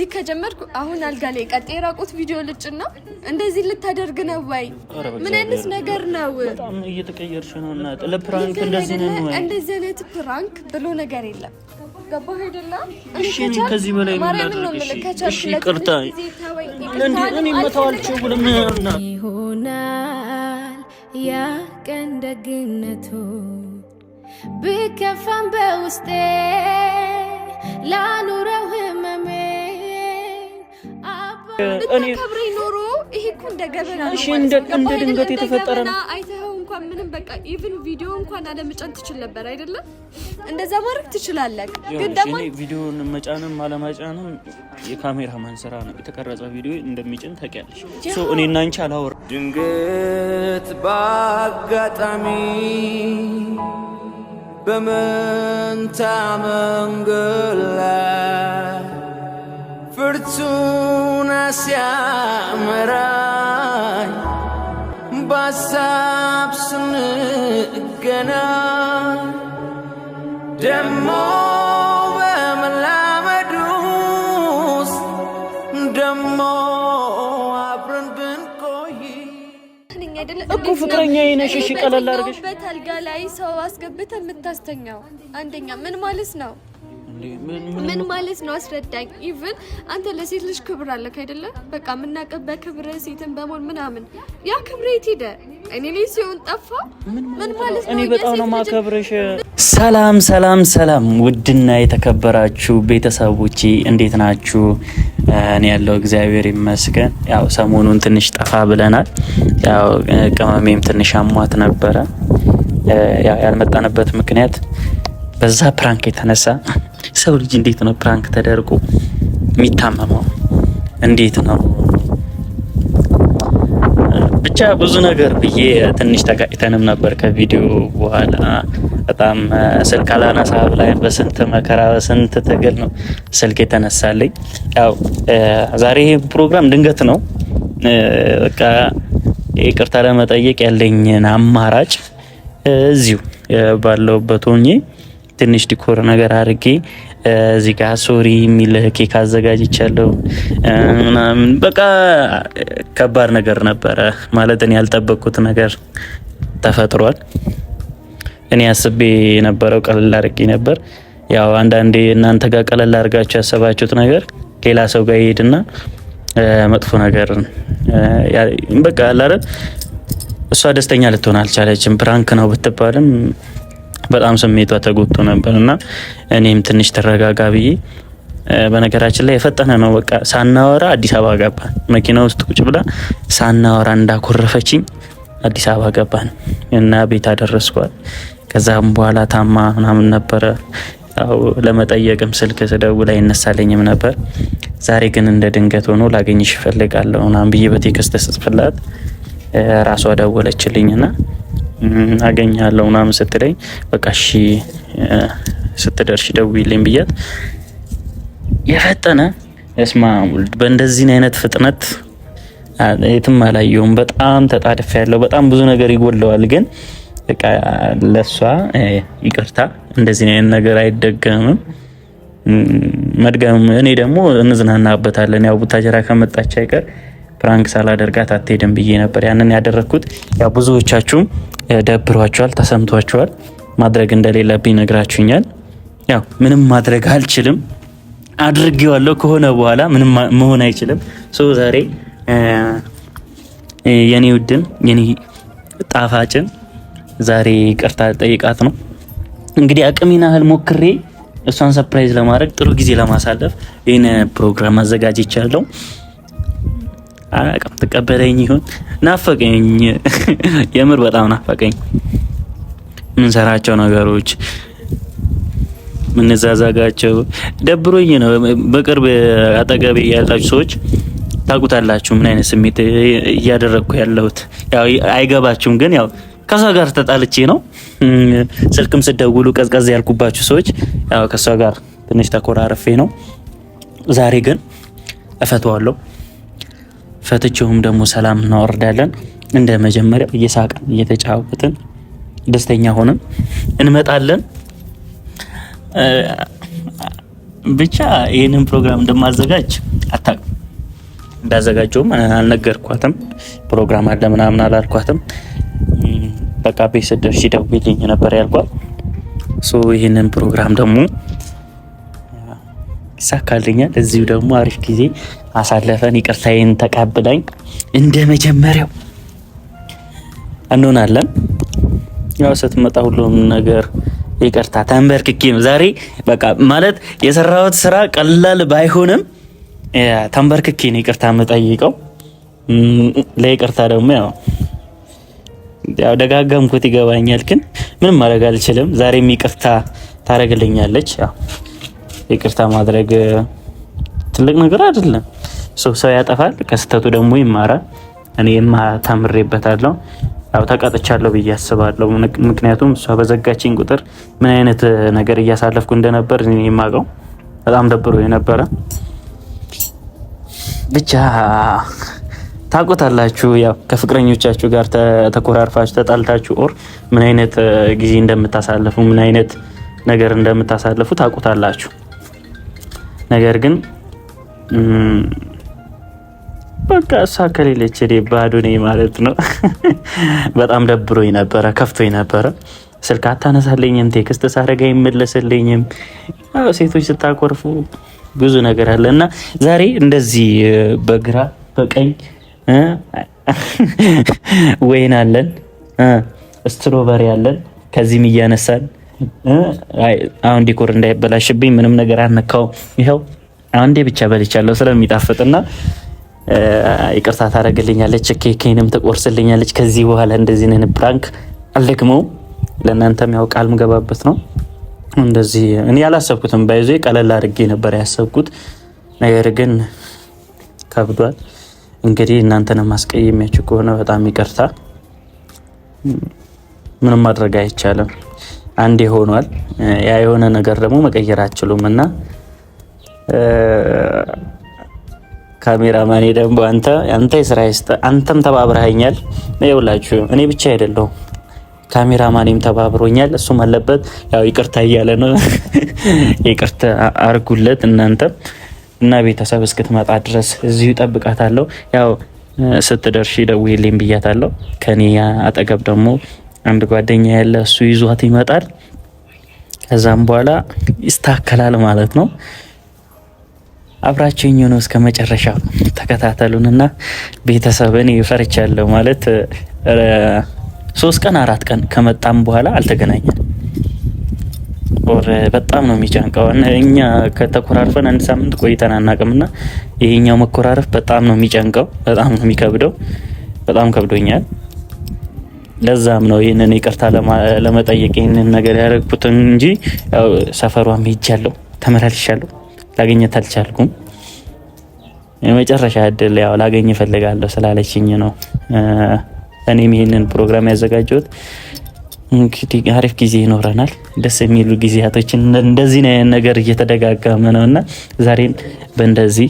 እዚህ ከጀመርኩ አሁን አልጋ ላይ ቀጥ የራቁት ቪዲዮ ልጭ ነው። እንደዚህ ልታደርግ ነው ወይ? ምን አይነት ነገር ነው? በጣም እየተቀየርሽ ነው። እና ለፕራንክ እንደዚህ ነው ወይ? እንደዚህ አይነት ፕራንክ ብሎ ነገር የለም። ገባህ አይደለ? እሺ፣ ከዚህ በላይ ምን ላድርግ? እሺ፣ ይቅርታ እኔ መተው አልችልም። ይሆናል ያ ቀን ደግነቱ ብከፋም በውስጤ ላኑረው ህመሜ እኔ ኖሮ ይሄ እኮ እንደ ገበና ነው። እንደ ድንገት የተፈጠረ ነው። አይተኸው እንኳን ምንም በቃ ኢቭን ቪዲዮ እንኳን አለመጫን ትችል ነበር አይደለም? እንደዛ ማድረግ ትችላለህ። ግን ደግሞ ቪዲዮን መጫንም አለማጫንም የካሜራማን ስራ ነው። የተቀረጸ ቪዲዮ እንደሚጭን ታውቂያለሽ። ሶ እኔ እና አንቺ አላወራ ድንገት በአጋጣሚ በመንታ መንገድ ላይ ፍርቱን ሲያመራኝ ባሳብ ስንገና ደሞ በመላመድ ውስጥ ደሞ አብረን ብንቆይ እኮ ፍቅረኛ የነሽሽ ቀለል አድርገሽ አልጋ ላይ ሰው አስገብተ የምታስተኛው አንደኛ ምን ማለት ነው? ምን ማለት ነው? አስረዳኝ። ኢቭን አንተ ለሴት ልጅ ክብር አለክ አይደለ? በቃ የምናውቅህ በክብር ሴትን በሞል ምናምን፣ ያ ክብር የት ሄደ? እኔ ላይ ሲሆን ጠፋ። ምን ማለት ነው? እኔ በጣም ነው ማከብረሽ። ሰላም፣ ሰላም፣ ሰላም። ውድና የተከበራችሁ ቤተሰቦቼ እንዴት ናችሁ? እኔ ያለው እግዚአብሔር ይመስገን። ያው ሰሞኑን ትንሽ ጠፋ ብለናል። ያው ቅመሜም ትንሽ አሟት ነበረ ያልመጣንበት ምክንያት በዛ ፕራንክ የተነሳ ሰው ልጅ እንዴት ነው ፕራንክ ተደርጎ የሚታመመው? እንዴት ነው ብቻ ብዙ ነገር ብዬ ትንሽ ተጋጭተንም ነበር። ከቪዲዮ በኋላ በጣም ስልክ አላነሳ ላይ በስንት መከራ በስንት ትግል ነው ስልክ የተነሳልኝ። ያው ዛሬ ፕሮግራም ድንገት ነው። በቃ ይቅርታ ለመጠየቅ ያለኝን አማራጭ እዚሁ ባለውበት ሆኜ ትንሽ ዲኮር ነገር አድርጌ እዚህ ጋ ሶሪ የሚል ኬክ አዘጋጅቻለሁ ምናምን። በቃ ከባድ ነገር ነበረ ማለት እኔ ያልጠበቅኩት ነገር ተፈጥሯል። እኔ አስቤ የነበረው ቀለል አድርጌ ነበር። ያው አንዳንዴ እናንተ ጋር ቀለል አድርጋችሁ ያሰባችሁት ነገር ሌላ ሰው ጋር ይሄድና መጥፎ ነገር በቃ አላረ እሷ ደስተኛ ልትሆን አልቻለችም። ፕራንክ ነው ብትባልም በጣም ስሜቷ ተጎቶ ነበር እና እኔም ትንሽ ተረጋጋ ብዬ በነገራችን ላይ የፈጠነ ነው። በቃ ሳናወራ አዲስ አበባ ገባን። መኪና ውስጥ ቁጭ ብላ ሳናወራ እንዳኮረፈችኝ አዲስ አበባ ገባን እና ቤት አደረስኳል። ከዛም በኋላ ታማ ምናምን ነበረ። ያው ለመጠየቅም ስልክ ስደውል አይነሳለኝም ነበር። ዛሬ ግን እንደ ድንገት ሆኖ ላገኝሽ እፈልጋለሁ ምናምን ብዬ በቴክስት ስጽፍላት ራሷ ደወለችልኝና አገኛለሁ ምናምን ስትለኝ በቃ እሺ ስትደርሽ ደውዪልኝ ብያት የፈጠነ እስማ በእንደዚህ አይነት ፍጥነት የትም አላየውም። በጣም ተጣድፍ ያለው በጣም ብዙ ነገር ይጎለዋል። ግን በቃ ለሷ ይቅርታ እንደዚህ አይነት ነገር አይደገምም መድገም እኔ ደግሞ እንዝናናበታለን። ያው ቡታጀራ ከመጣች አይቀር ፕራንክ ሳላደርጋት አትሄድም ብዬ ነበር። ያንን ያደረግኩት ያው ብዙዎቻችሁም ደብሯቸዋል፣ ተሰምቷቸዋል። ማድረግ እንደሌለብኝ ነግራችሁኛል። ያው ምንም ማድረግ አልችልም፣ አድርጌዋለሁ። ከሆነ በኋላ ምንም መሆን አይችልም። ሶ ዛሬ የኔ ውድን የኔ ጣፋጭን ዛሬ ቅርታ ጠይቃት ነው እንግዲህ አቅሜን ያህል ሞክሬ እሷን ሰፕራይዝ ለማድረግ ጥሩ ጊዜ ለማሳለፍ ይህን ፕሮግራም አዘጋጅቻለሁ። አላውቅም ተቀበለኝ ይሁን ናፈቀኝ። የምር በጣም ናፈቀኝ። የምንሰራቸው ነገሮች ምንዛዛጋቸው ደብሮኝ ነው። በቅርብ አጠገቤ ያላችሁ ሰዎች ታውቁታላችሁ ምን አይነት ስሜት እያደረግኩ ያለሁት ያው አይገባችሁም፣ ግን ያው ከሷ ጋር ተጣልቼ ነው። ስልክም ስደውሉ ቀዝቀዝ ያልኩባችሁ ሰዎች ያው ከሷ ጋር ትንሽ ተኮራርፌ ነው። ዛሬ ግን እፈቷዋለሁ። ፈትቼውም ደግሞ ሰላም እናወርዳለን። እንደ መጀመሪያው እየሳቅን እየተጫወትን ደስተኛ ሆነን እንመጣለን። ብቻ ይህንን ፕሮግራም እንደማዘጋጅ አታውቅም። እንዳዘጋጀውም አልነገርኳትም። ፕሮግራም አለ ምናምን አላልኳትም። በቃ ቤት ስትደርሺ ደውዪልኝ ነበር ያልኳት። ይህንን ፕሮግራም ደግሞ ይሳካልኛል። እዚሁ ደግሞ አሪፍ ጊዜ አሳለፈን። ይቅርታዬን ተቀብላኝ እንደ መጀመሪያው እንሆናለን። ያው ስትመጣ ሁሉም ነገር ይቅርታ ተንበርክኬ ነው ዛሬ በቃ ማለት የሰራሁት ስራ ቀላል ባይሆንም ተንበርክኬ ነው ይቅርታ የምጠይቀው። ለይቅርታ ደግሞ ያው ያው ደጋገምኩት ይገባኛል፣ ግን ምንም ማድረግ አልችልም። ዛሬም ይቅርታ ታደርግልኛለች ያው ይቅርታ ማድረግ ትልቅ ነገር አይደለም። ሰው ሰው ያጠፋል፣ ከስተቱ ደግሞ ይማራል። እኔ የማ ታምሬበታለሁ። ያው ተቀጥቻለሁ ብዬ አስባለሁ። ምክንያቱም እሷ በዘጋችኝ ቁጥር ምን አይነት ነገር እያሳለፍኩ እንደነበር እኔ የማውቀው በጣም ደብሮ የነበረ ብቻ ታውቁታላችሁ። ያው ከፍቅረኞቻችሁ ጋር ተኮራርፋችሁ ተጣልታችሁ ኦር ምን አይነት ጊዜ እንደምታሳልፉ ምን አይነት ነገር እንደምታሳልፉ ታውቁታላችሁ። ነገር ግን በቃ እሷ ከሌለች እኔ ባዶ ነኝ ማለት ነው። በጣም ደብሮኝ ነበረ፣ ከፍቶኝ ነበረ። ስልክ አታነሳለኝም፣ ቴክስት ሳረጋ ይመለስልኝም። ሴቶች ስታኮርፉ ብዙ ነገር አለ እና ዛሬ እንደዚህ በግራ በቀኝ ወይን አለን፣ ስትሮበሪ አለን፣ ከዚህም እያነሳን አሁን ዲኮር እንዳይበላሽብኝ ምንም ነገር አነካው። ይኸው አንዴ ብቻ በልቻለሁ ስለሚጣፍጥና ይቅርታ ታደርግልኛለች። ኬኬንም ትቆርስልኛለች። ከዚህ በኋላ እንደዚህ ነን ፕራንክ አልደግመው። ለእናንተም ያው ቃል ምገባበት ነው። እንደዚህ እኔ ያላሰብኩትም ባይዞ ቀለል አድርጌ ነበር ያሰብኩት፣ ነገር ግን ከብዷል። እንግዲህ እናንተን ማስቀየሚያችሁ ከሆነ በጣም ይቅርታ። ምንም ማድረግ አይቻልም። አንድ ሆኗል። ያ የሆነ ነገር ደግሞ መቀየር አችሉም እና ካሜራማን ደግሞ አንተ አንተ የስራ አንተም ተባብረሃኛል። ይውላችሁ እኔ ብቻ አይደለሁም ካሜራማኔም ተባብሮኛል። እሱም አለበት ያው ይቅርታ እያለ ነው። ይቅርታ አርጉለት እናንተ እና ቤተሰብ እስክትመጣ ድረስ እዚሁ ይጠብቃታለሁ። ያው ስትደርሺ ደውዪልኝ ብያታለሁ። ከኔ አጠገብ ደግሞ አንድ ጓደኛ ያለ እሱ ይዟት ይመጣል። ከዛም በኋላ ይስተካከላል ማለት ነው። አብራችሁኝ ነው እስከ መጨረሻ ተከታተሉንና ቤተሰብ እኔ ያለው ማለት ሶስት ቀን አራት ቀን ከመጣም በኋላ አልተገናኘን። በጣም ነው የሚጨንቀው። እኛ ከተኮራርፈን አንድ ሳምንት ቆይተን አናቅምና ይሄኛው መኮራረፍ በጣም ነው የሚጨንቀው፣ በጣም ነው የሚከብደው። በጣም ከብዶኛል። ለዛም ነው ይህንን ይቅርታ ለመጠየቅ ይህንን ነገር ያደረግኩት እንጂ ሰፈሯም ሄጃለሁ፣ ተመላልሻለሁ፣ ላገኘት አልቻልኩም። የመጨረሻ እድል ያው ላገኝ እፈልጋለሁ ስላለችኝ ነው እኔም ይህንን ፕሮግራም ያዘጋጀሁት። እንግዲህ አሪፍ ጊዜ ይኖረናል። ደስ የሚሉ ጊዜያቶችን እንደዚህ ነገር እየተደጋገመ ነው እና ዛሬም በእንደዚህ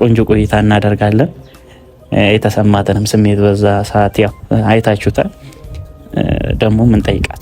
ቆንጆ ቆይታ እናደርጋለን። የተሰማትንም ስሜት በዛ ሰዓት ያው አይታችሁታል። ደግሞ ምን ጠይቃት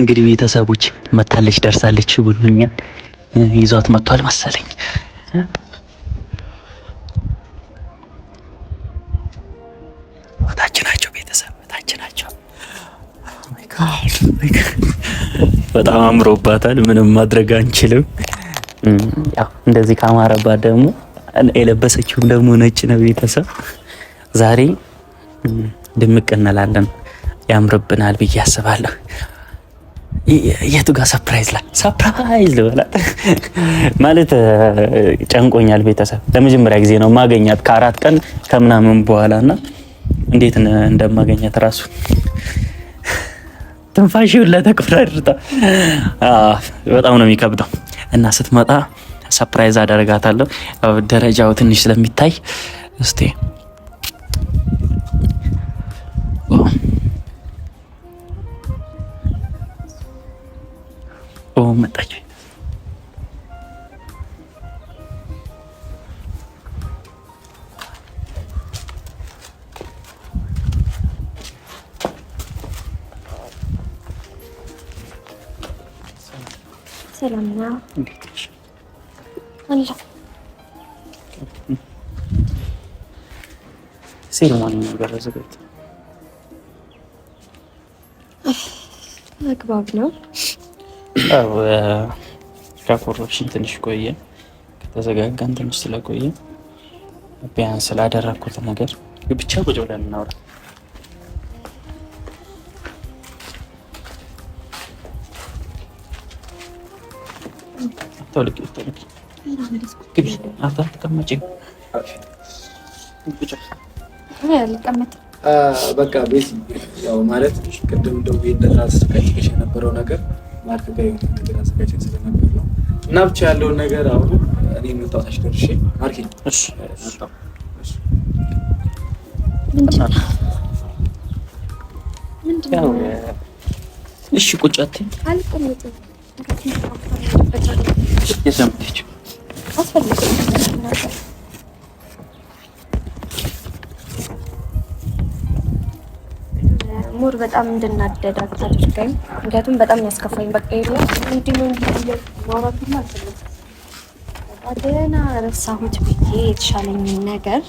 እንግዲህ ቤተሰቦች መታለች ደርሳለች ብሎኛል። ይዟት መጥቷል መሰለኝ። ናቸው ቤተሰብ ናቸው። oh oh በጣም አምሮባታል። ምንም ማድረግ አንችልም። ያው እንደዚህ ካማረባት ደግሞ የለበሰችውም ደግሞ ነጭ ነው ቤተሰብ ዛሬ ድምቅ እንላለን። ያምርብናል ብዬ አስባለሁ። የቱ ጋር ሰፕራይዝ ላ ሰፕራይዝ ልበላት ማለት ጨንቆኛል። ቤተሰብ ለመጀመሪያ ጊዜ ነው ማገኛት ከአራት ቀን ከምናምን በኋላ እና እንዴት እንደማገኛት ራሱ ትንፋሽ ሁላ ተቆራርጣ በጣም ነው የሚከብደው እና ስትመጣ ሰፕራይዝ አደረጋታለሁ። ደረጃው ትንሽ ስለሚታይ እስቲ መጣች። ሴሪሞኒ ነበር አዘጋጅተው አግባብ ነው። ከኮረፕሽን ትንሽ ቆየ፣ ከተዘጋጋን ትንሽ ስለቆየ ቢያንስ ስላደረግኩት ነገር ብቻ ቁጭ ብለን እናውራ። በቃ ቤት ያው ማለት ቅድም ደውዬ እንደዛ ስጠይቅሽ የነበረው ነገር ማድረጋ የሆነ ነገር አዘጋጅን ስለነበር ነው እና ብቻ ያለውን ነገር አሁን እኔ መጣታች ደርሼ ማርኬ እሺ ቁጫቴ አልቆምጥም ሙር በጣም እንድናደድ አታድርገኝ። ምክንያቱም በጣም ያስከፋኝ። በቃ ይሄ ምንድን ነው እንዲያየ ማውራቱም ደህና ረሳሁት ብዬ የተሻለኝን ነገር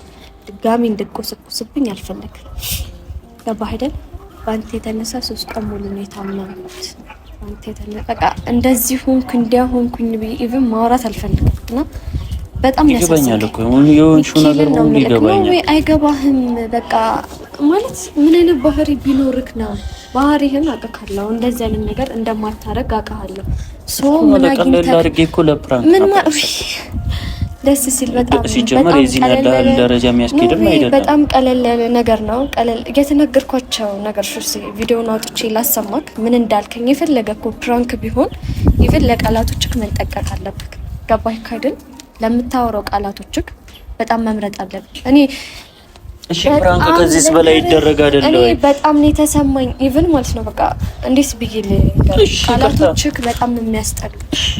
ድጋሚ እንድቆሰቁስብኝ አልፈለግም። ገባህ አይደል? በአንተ የተነሳ ሶስት ቀን ሙሉ ነው የታመምኩት። በአንተ የተነሳ በቃ እንደዚህ ሆንኩ እንዲያ ሆንኩኝ ብዬ ኢቭን ማውራት አልፈልግም እና በጣም ይገባኛል እኮ የሆንሽው ነገር ሁሉ ይገባኛል። አይገባህም በቃ ማለት ምን አይነት ባህሪ ቢኖርክ ነው? ባህሪህን አውቃለሁ። እንደዚህ አይነት ነገር እንደማታረግ አውቃለሁ። ሶ ምን አድርጌ እኮ ለፕራንክ ምን ደስ ሲል በጣም ሲጀመር የዚህ ያህል ደረጃ የሚያስኬድም አይደለም። በጣም ቀለል ያለ ነገር ነው። ቀለል የተነገርኳቸው ነገር ሹስ ቪዲዮውን አውጥቼ ላሰማክ ምን እንዳልከኝ። የፈለገ እኮ ፕራንክ ቢሆን ይብል ለቃላቶችክ መንጠቀቅ አለብክ። ገባህ አይደል? ለምታወራው ቃላቶችክ በጣም መምረጥ አለብን። እኔ እሺ ብራንክ ከዚህ በላይ ይደረግ አይደለም። እኔ በጣም ነው የተሰማኝ። ኢቭን ማለት ነው በቃ እንዴት ብዬ ቃላቶችክ በጣም የሚያስጠሉ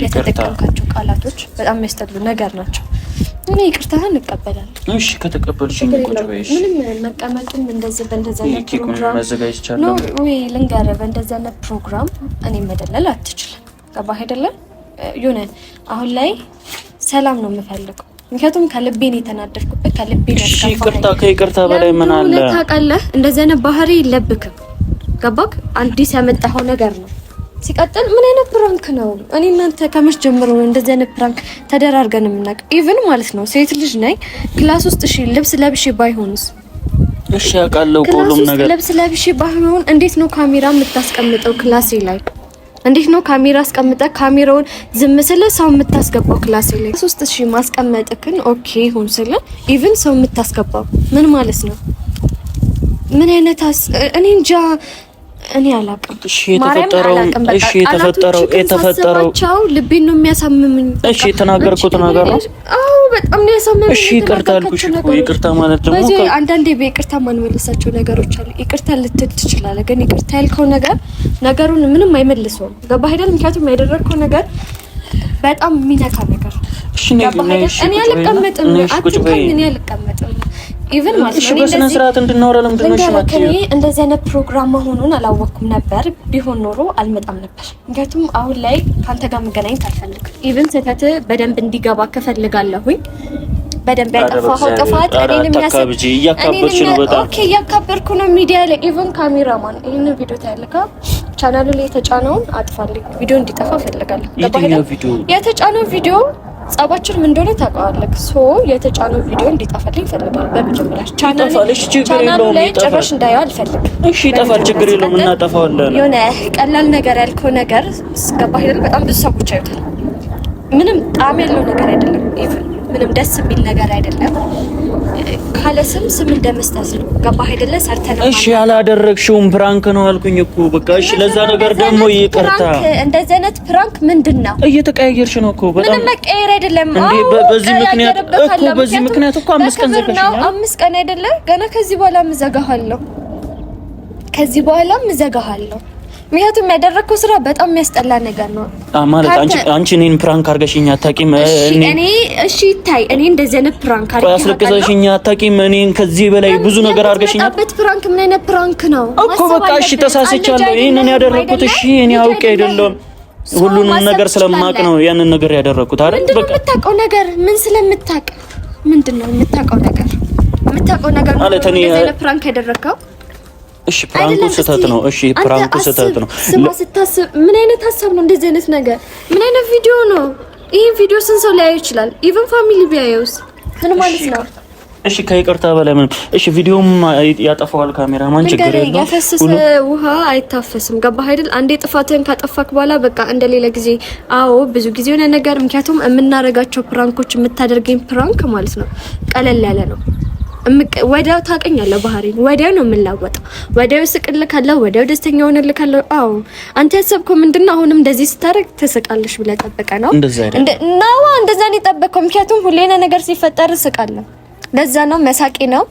የተጠቀምካቸው ቃላቶች በጣም የሚያስጠሉ ነገር ናቸው። እኔ ይቅርታህን እንቀበላለን። እሺ ከተቀበልሽ ምንም መቀመጡም እንደዚህ በእንደዛ ነው ነው ወይ ልንገርህ፣ በእንደዛ ነው ፕሮግራም እኔ መደለል አትችልም። ገባህ አይደለም? የሆነ አሁን ላይ ሰላም ነው የምፈልገው። ምክንያቱም ከልቤን የተናደድኩበት ከልቤን ይቅርታ ከይቅርታ በላይ ምን አለ ታውቃለህ? እንደዚህ አይነት ባህሪ የለብክም። ገባክ? አዲስ ያመጣኸው ነገር ነው። ሲቀጥል ምን አይነት ፕራንክ ነው? እኔ እናንተ ከመች ጀምሮ ነው እንደዚህ አይነት ፕራንክ ተደራርገን የምናውቅ? ኢቭን ማለት ነው ሴት ልጅ ነኝ ክላስ ውስጥ እሺ፣ ልብስ ለብሼ ባይሆንስ? እሺ፣ ያውቃለሁ ሁሉም ነገር። ልብስ ለብሼ ባይሆን እንዴት ነው ካሜራ የምታስቀምጠው ክላሴ ላይ? እንዴት ነው ካሜራ አስቀምጠ ካሜራውን ዝም ስለ ሰው የምታስገባው ክላስ ላይ ሶስት ሺህ ማስቀመጥክን ኦኬ ይሁን ስለ ኢቭን ሰው የምታስገባው ምን ማለት ነው? ምን አይነት እኔ እንጃ እኔ አላቅም። እሺ የተፈጠረው እሺ የተፈጠረው የተፈጠረው ልቤን ነው የሚያሳምምኝ። እሺ የተናገርኩት ነገር ነው። አዎ በጣም ነው ያሳምምኝ። እሺ ይቅርታ አልኩሽ እኮ። ይቅርታ ማለት ደግሞ አንዳንዴ በይቅርታ ማንመለሳቸው ነገሮች አሉ። ይቅርታ ልትል ትችላለህ፣ ግን ይቅርታ ያልከው ነገር ነገሩን ምንም አይመልሰውም። ገባህ አይደል? ምክንያቱም ያደረግከው ነገር በጣም የሚነካ ነገር። እሺ እኔ አልቀመጥም፣ አትቀመጥም፣ እኔ አልቀመጥም ኢቨን ማለት ነው በስነ ስርዓት እንድናወራ ለምንድን ነው እንደዚህ አይነት ፕሮግራም መሆኑን አላወቅኩም ነበር። ቢሆን ኖሮ አልመጣም ነበር። ምክንያቱም አሁን ላይ ከአንተ ጋር መገናኘት አልፈልግም። ኢቨን ስህተት በደንብ እንዲገባ ከፈልጋለሁኝ በደንብ ያጠፋኸው ጥፋት እኔንም ያሳብጂ እያካበርኩ ነው። በጣም ኦኬ፣ እያካበርኩ ነው ሚዲያ ላይ ኢቨን ካሜራማን ይሄን ቪዲዮ ታያለካ ቻናሉ ላይ የተጫነውን አጥፋልኝ። ቪዲዮ እንዲጠፋ ፈልጋለሁ። የተጫነው ቪዲዮ ጸባችን ምን እንደሆነ ታውቀዋለህ። ሶ የተጫነው ቪዲዮ እንዲጠፋልኝ ይፈልጋል። በመጀመሪያ ቻናሉ ላይ ጭራሽ እንዳየው አልፈልግም። እሺ ይጠፋል፣ ችግር የለውም እናጠፋዋለን። የሆነ ቀላል ነገር ያልከው ነገር ስገባ ሄደል በጣም ብዙ ሰዎች አዩታል። ምንም ጣዕም ያለው ነገር አይደለም። ምንም ደስ የሚል ነገር አይደለም። ካለ ስም ስም እንደመስጠት ነው። ገባህ አይደለ? ሰርተን እሺ፣ ያላደረግሽውም ፕራንክ ነው አልኩኝ እኮ በቃ። እሺ፣ ለዛ ነገር ደግሞ ይቅርታ። እንደዚህ አይነት ፕራንክ ምንድን ነው? እየተቀያየርሽ ነው እኮ በጣም። ምንም መቀየር አይደለም በዚህ ምክንያት እኮ በዚህ ምክንያት እኮ አምስት ቀን ዘጋሽኛል። አምስት ቀን አይደለ? ገና ከዚህ በኋላ እዘጋሃለሁ። ከዚህ በኋላ እዘጋሃለሁ። ምክንያቱም ያደረግከው ስራ በጣም የሚያስጠላ ነገር ነው። ማለት አንቺ እኔን ፕራንክ አድርገሽኝ አታውቂም። እኔ እሺ ይታይ እኔ እንደዚህ አይነት ፕራንክ አርገሽ አስለቅሰሽኝ አታውቂም። እኔን ከዚህ በላይ ብዙ ነገር አድርገሽኝ አታውቂም። ፕራንክ ምን አይነት ፕራንክ ነው እኮ በቃ እሺ፣ ተሳስቻለሁ። ይሄንን ያደረኩት እሺ፣ እኔ አውቄ አይደለም ሁሉንም ነገር ስለማቅ ነው ያንን ነገር ያደረኩት አረ በቃ የምታውቀው ነገር ምን ስለምታውቅ ምንድን ነው የምታውቀው ነገር የምታውቀው ነገር ማለት ነው ፕራንክ ያደረግከው እሺ ፕራንኩ ስህተት ነው። እሺ ፕራንኩ ስህተት ነው። ስማ ስታስብ ምን አይነት ሀሳብ ነው እንደዚህ አይነት ነገር? ምን አይነት ቪዲዮ ነው? ይህን ቪዲዮ ስንት ሰው ሊያየው ይችላል? ኢቭን ፋሚሊ ቢያየውስ ምን ማለት ነው? እሺ ከይቅርታ በላይ ምንም። እሺ ቪዲዮም ያጠፋዋል ካሜራማን፣ ችግር የለውም። ያፈሰሰ ውሃ አይታፈስም። ገባህ አይደል? አንዴ ጥፋትህን ካጠፋክ በኋላ በቃ እንደሌላ ጊዜ አዎ፣ ብዙ ጊዜ የሆነ ነገር ምክንያቱም የምናደርጋቸው ፕራንኮች የምታደርገኝ ፕራንክ ማለት ነው ቀለል ያለ ነው ወዲያው ታውቀኛለህ ባህሪ ወዲያው ነው የምንላወጠው። ወዲያው ስቅልካለሁ፣ ወዲያው ደስተኛ ሆንልካለሁ። አዎ አንተ ያሰብከው ምንድን ነው? አሁንም እንደዚህ ስታደርግ ትስቃለሽ ብለህ ጠብቀህ ነው ነዋ። እንደዛ ነው የጠበቀው። ምክንያቱም ሁሌ ነገር ሲፈጠር እስቃለሁ። ለዛ ነው መሳቂ ነው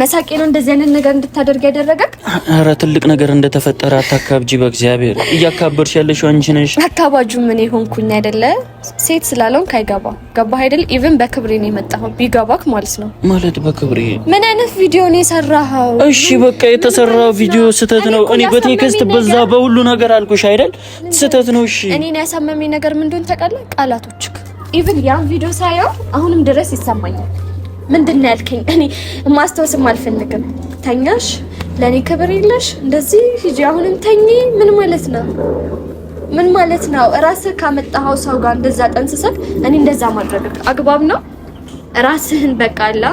መሳቄ ነው እንደዚህ አይነት ነገር እንድታደርግ ያደረገክ? አረ ትልቅ ነገር እንደተፈጠረ አታካብጂ። በእግዚአብሔር እያካበርሽ ያለሽ አንቺ ነሽ። አካባጁ ምን የሆንኩኝ አይደለ? ሴት ስላልሆንክ አይገባ ገባህ አይደል? ኢቭን በክብሬ ነው የመጣኸው። ቢገባክ ማለት ነው ማለት በክብሬ ምን አይነት ቪዲዮ ነው የሰራኸው? እሺ በቃ የተሰራው ቪዲዮ ስህተት ነው። እኔ በቴክስት በዛ በሁሉ ነገር አልኩሽ አይደል? ስህተት ነው። እሺ እኔን ያሳመመኝ ነገር ምንድን እንደሆነ ታውቃለህ? ቃላቶችክ ኢቭን ያን ቪዲዮ ሳየው አሁንም ድረስ ይሰማኛል። ምንድን ነው ያልከኝ? እኔ ማስታወስም አልፈልግም። ተኛሽ፣ ለእኔ ክብር የለሽ፣ እንደዚህ ሂጂ፣ አሁንም ተኚ። ምን ማለት ነው? ምን ማለት ነው? ራስህ ካመጣኸው ሰው ጋር እንደዛ ጠንስሰት፣ እኔ እንደዛ ማድረግ አግባብ ነው? ራስህን በቃላ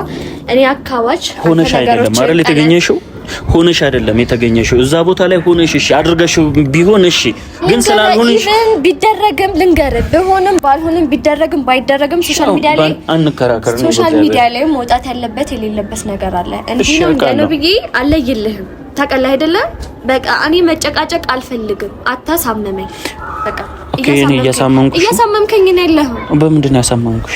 እኔ አካባች ሆነሽ አይደለም አይደል የተገኘሽው ሆነሽ አይደለም የተገኘሽው። እዛ ቦታ ላይ ሆነሽ እሺ አድርገሽው ቢሆን እሺ፣ ግን ስላልሆነሽ ቢደረግም ልንገር ቢሆንም ባልሆንም ቢደረግም ባይደረግም ሶሻል ሚዲያ ላይ አንከራከር። ሶሻል ሚዲያ ላይ መውጣት ያለበት የሌለበት ነገር አለ። እንዴ ነው እንደ ነው ብዬ አለይልህም። ታውቃለህ አይደለም? በቃ እኔ መጨቃጨቅ አልፈልግም። አታሳመመኝ። በቃ ኦኬ። እኔ እያሳመምኩሽ እያሳመምከኝ ነው ያለኸው። በምንድን ነው ያሳመምኩሽ?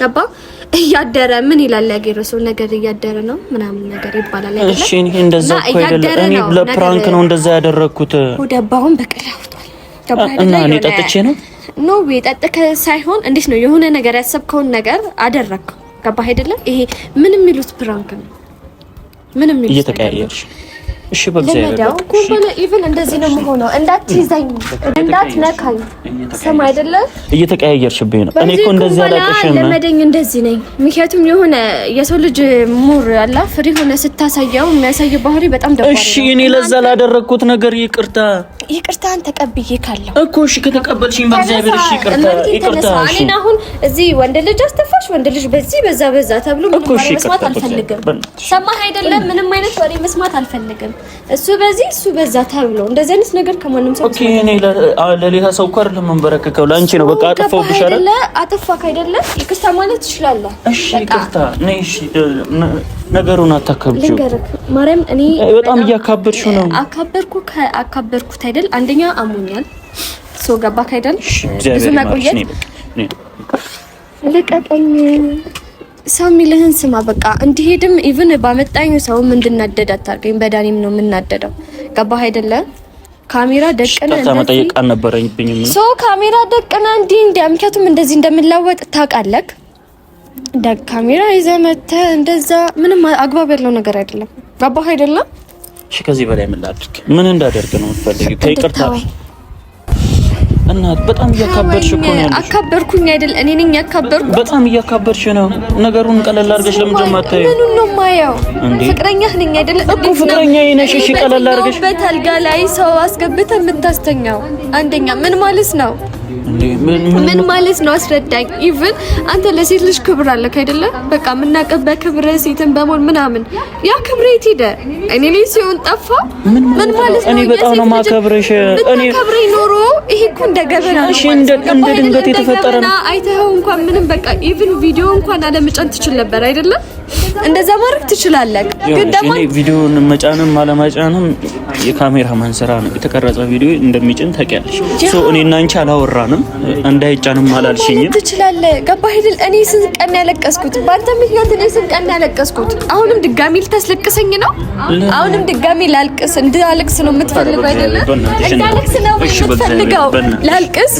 ገባ እያደረ ምን ይላል ያገሩ ሰው ነገር እያደረ ነው ምናምን ነገር ይባላል። እሺ እኔ እንደዛ እኮ አይደለም። እኔ ለፕራንክ ነው እንደዛ ያደረኩት። ደባሁን በቀል አውጥቷል። አይደለ? እኔ ጠጥቼ ነው ኖ ጠጥከ ሳይሆን እንዴት ነው የሆነ ነገር ያሰብከውን ነገር አደረግከው። ገባ አይደለም? ይሄ ምንም የሚሉት ፕራንክ ነው። ምንም የሚሉት እየተቀያየርሽ እሺ ኢቭን እንደዚህ ነው የምሆነው። እንዳትይዘኝ፣ እንዳትነካኝ። ስም አይደለም እየተቀያየርሽብኝ ነው። እኔ እኮ እንደዚህ አላውቅሽም። ለመደኝ እንደዚህ ነኝ። ምክንያቱም የሆነ የሰው ልጅ ሙር አላ ፍሪ ሆነ ስታሳየው የሚያሳየው ባህሪ በጣም ደባሪ እሺ እኔ ለዛ ላደረግኩት ነገር ይቅርታ፣ ይቅርታን ተቀብዬ ካለው እኮ እሺ፣ ከተቀበልሽኝ በእግዚአብሔር እሺ፣ ይቅርታ፣ ይቅርታ። እሺ እኔ አሁን እዚህ ወንድ ልጅ አስተፋሽ፣ ወንድ ልጅ በዚህ በዛ በዛ ተብሎ ምንም መስማት አልፈልግም። ሰማህ አይደለም? ምንም አይነት ወሬ መስማት አልፈልግም። እሱ በዚህ እሱ በዛ ተብሎ እንደዚህ አይነት ነገር ከማንም ሰው ኦኬ። እኔ ለሌላ ሰው እኮ አይደለም መንበረከከው ለአንቺ ነው። በቃ አጥፋው ብሻለ አጥፋክ ካይደለ ይቅርታ ማለት ይችላል። እሺ ይቅርታ ነይ። እሺ ነገሩን አታካብጂው። ልንገርህ ማርያም፣ እኔ በጣም እያካበድሽው ነው። አካበድኩ አካበድኩት አይደል? አንደኛ አሞኛል። ሰው ገባክ አይደል? ብዙ መቆየት ልቀቀኝ ሰው የሚልህን ስማ። በቃ እንዲሄድም ኢቭን ባመጣኝ ሰውም እንድናደድ አታርገኝ። በዳኒም ነው የምናደደው። ገባህ አይደለ? ካሜራ ደቅነ መጠየቅ አልነበረኝብኝ። ሰው ካሜራ ደቅነ እንዲህ እንዲ ምክንያቱም እንደዚህ እንደምንላወጥ ታውቃለህ። ካሜራ ይዘህ መተህ እንደዛ ምንም አግባብ ያለው ነገር አይደለም። ገባህ አይደለም? እሺ፣ ከዚህ በላይ ምን ላድርግ? ምን እንዳደርግ ነው የምትፈልጊው? ከይቅርታ እናት በጣም እያካበርሽ እኮ ነው። አካበርኩኝ አይደል? እኔ ነኝ ያካበርኩ። በጣም እያካበርሽ ነው። ነገሩን ቀለል አድርገሽ ለምን ደማታዩ? አታየው? ምኑን ነው የማየው? ፍቅረኛ ነኝ አይደል? እኮ ፍቅረኛ ነሽ። እሺ፣ ቀለል አድርገሽ በአልጋ ላይ ሰው አስገብተህ የምታስተኛው አንደኛ ምን ማለት ነው? ምን ማለት ነው አስረዳኝ። ኢቭን አንተ ለሴት ልጅ ክብር አለክ አይደለ? በቃ የምናቀበት ክብር ሴትን በመሆን ምናምን ያ ክብር የት ሄደ? እኔ ላይ ሲሆን ጠፋ። ምን ማለት ነው? እኔ በጣም ነው ማከብረሽ። እኔ ክብሬ ኖሮ ይሄ እኮ እንደ ገበና እሺ፣ እንደ እንደ ድንገት የተፈጠረ ነው። አይተኸው እንኳን ምንም በቃ ኢቭን ቪዲዮ እንኳን አለመጫን ትችል ነበር አይደለም? እንደዛ ማድረግ ትችላለህ። ግን ደግሞ ቪዲዮን መጫንም አለመጫንም የካሜራማን ስራ ነው። የተቀረጸ ቪዲዮ እንደሚጭን ታውቂያለሽ። እኔና አንቺ አላወራንም፣ እንዳይጫንም አላልሽኝም። ትችላለህ። ገባህ አይደል? እኔ ስንት ቀን ያለቀስኩት በአንተ ምክንያት፣ እኔ ስንት ቀን ያለቀስኩት። አሁንም ድጋሚ ልታስለቅሰኝ ነው? አሁንም ድጋሚ ላልቅስ? እንዳልቅስ ነው የምትፈልገው አይደለ? እንዳልቅስ ነው የምትፈልገው? ላልቅስ?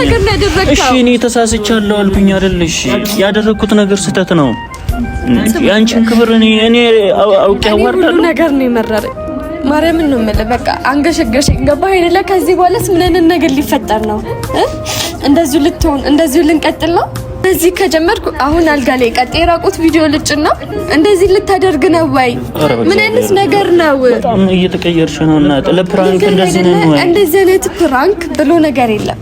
ነገር ነው ያደረግከው? እሺ እኔ ተሳስቻለሁ አልኩኝ አይደል? እሺ ያደረግኩት ነገር ስህተት ነው የአንቺን ክብር እኔ አውቄ ሁሉ ነገር ነው የመረረኝ። ማርያም ነው የምልህ። በቃ አንገሸገሸኝ። ገባህ አይደለ? ከዚህ በኋላስ ምን አይነት ነገር ሊፈጠር ነው? እንደዚሁ ልትሆን እንደዚሁ ልንቀጥል ነው? እዚህ ከጀመርኩ አሁን አልጋ ላይ ቀጥ የራቁት ቪዲዮ ልጭና እንደዚህ ልታደርግ ነው ወይ? ምን አይነት ነገር ነው? በጣም እየተቀየርሽ ነው። እና ለፕራንክ እንደዚህ ነው። ወይ? እንደዚህ አይነት ፕራንክ ብሎ ነገር የለም።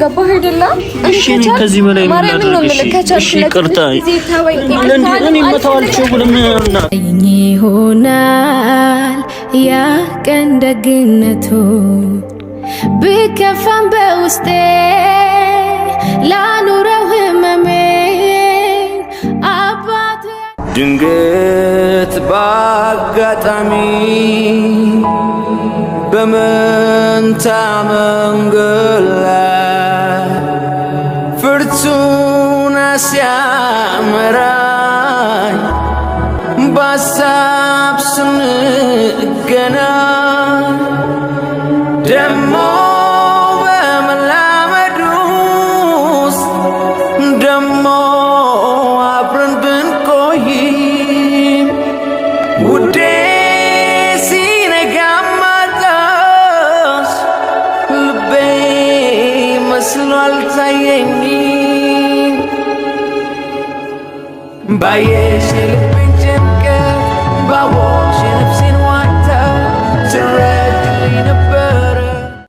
ገባህ አይደለ? እሺ እኔ ከዚህ በላይ ምን እሺ ይቅርታ። እኔ ብለም ይሆናል ያ ቀን ደግነቱ ብከፋም በውስጤ ላኑረው ህመሜ አባቴ ድንገት በመንታ መንገድ ላይ ሲያመራኝ ባሳ Bye.